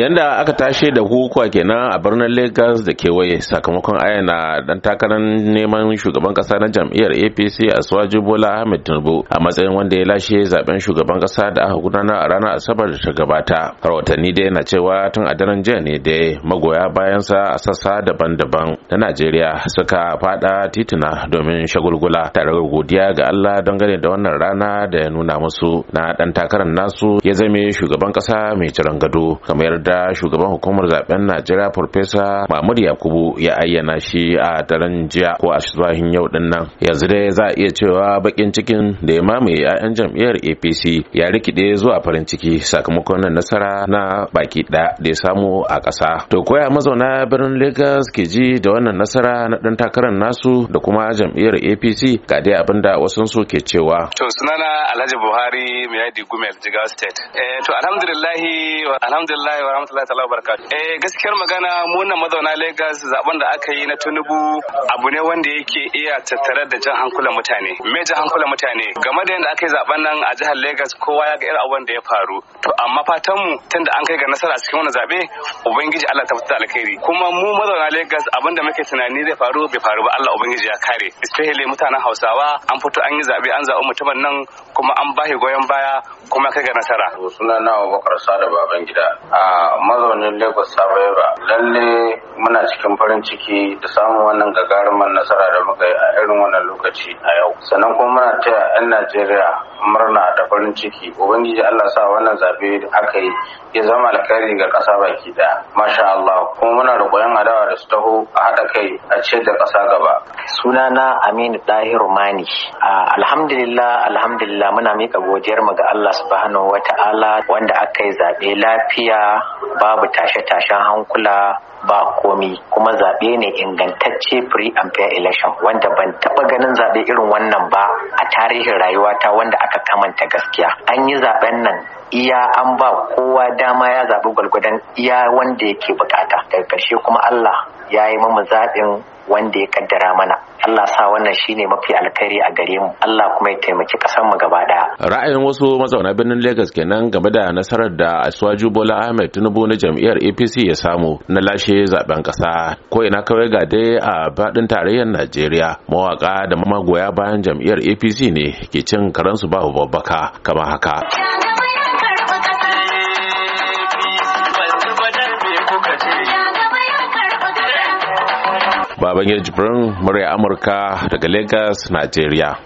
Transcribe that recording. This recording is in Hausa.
yanda aka tashe da hukuwa kenan a birnin lagos da kewaye sakamakon ayyana dan takarar neman shugaban kasa na jam'iyyar apc a suwaji bola ahmed tinubu a matsayin wanda ya lashe zaben shugaban kasa da aka gudanar a ranar asabar da ta gabata rahotanni dai na cewa tun a daren jiya ne da magoya bayansa a sassa daban-daban na najeriya suka fada tituna domin shagulgula tare da godiya ga allah dangane da wannan rana da ya nuna musu na dan takarar nasu ya zame shugaban kasa mai jiran gado kamar da shugaban hukumar zaben najeriya farfesa mahmud yakubu ya ayyana shi a daren jiya ko a shirin yau din nan yanzu dai za a iya cewa bakin cikin da ya mamaye 'ya'yan jam'iyyar apc ya rikide zuwa farin ciki sakamakon nasara na baki da da ya samu a ƙasa to koya mazauna birnin lagos ke ji da wannan nasara na ɗan takarar nasu da kuma jam'iyyar apc ga dai abin da wasu su ke cewa to sunana alhaji buhari mai yadi gumel jigawa state eh to alhamdulillahi alhamdulillahi rahmatullahi ta'ala Eh gaskiyar magana mu nan mazauna Lagos zaben da aka yi na Tinubu abu ne wanda yake iya tattare da jan hankulan mutane. Me jan hankulan mutane game da yadda aka yi zaben nan a jihar Lagos kowa ya ga irin abin da ya faru. To amma fatan mu tunda an kai ga nasara a cikin wannan zabe ubangiji Allah ta fita alkhairi. Kuma mu mazauna Lagos abin da muke tunani zai faru bai faru ba Allah ubangiji ya kare. Especially mutanen Hausawa an fito an yi zabe an zabi mutumin nan kuma an bahi goyon baya kuma kai ga nasara. Sunana Abubakar Sada Babangida. A ah, mazaunin Lagos Sabaiba lalle muna cikin farin ciki da samun wannan gagarumin nasara da muka yi a irin wannan lokaci a yau. Sannan kuma muna taya 'yan Najeriya murna da farin ciki. Ubangiji Allah sa wannan zabe da aka yi ya zama alkhairi ga ƙasa baki ɗaya, Masha Allah kuma muna roƙon adawa da su taho a haɗa kai a ce da ƙasa gaba. Sunana Aminu Dahir Mani. Alhamdulillah alhamdulillah muna miƙa godiyar mu ga Allah subhanahu wa ta'ala wanda aka yi zaɓe lafiya babu tashe-tashen hankula ba komi kuma zaɓe ne ingantacce free and fair election wanda ban taɓa ganin zaɓe irin wannan ba a tarihin rayuwata wanda aka kamanta gaskiya an yi zaɓen nan iya an ba kowa dama ya zaɓi gwalgwadon iya wanda yake bukata daga ƙarshe kuma Allah ya yi mamu zaɓin wanda ya kaddara mana Allah sa wannan shine mafi alkhairi a gare mu Allah kuma ya taimaki kasar mu gaba daya ra'ayin wasu mazauna birnin Lagos kenan game da nasarar da Aswaju Bola Ahmed Tinubu na jam'iyyar APC ya samu na lashe zaben kasa ko ina kawai ga dai a fadin tarayyar Najeriya mawaka da magoya bayan jam'iyyar APC ne ke cin karansu babu babbaka kamar haka babangida jibrin murya amurka daga lagos nigeria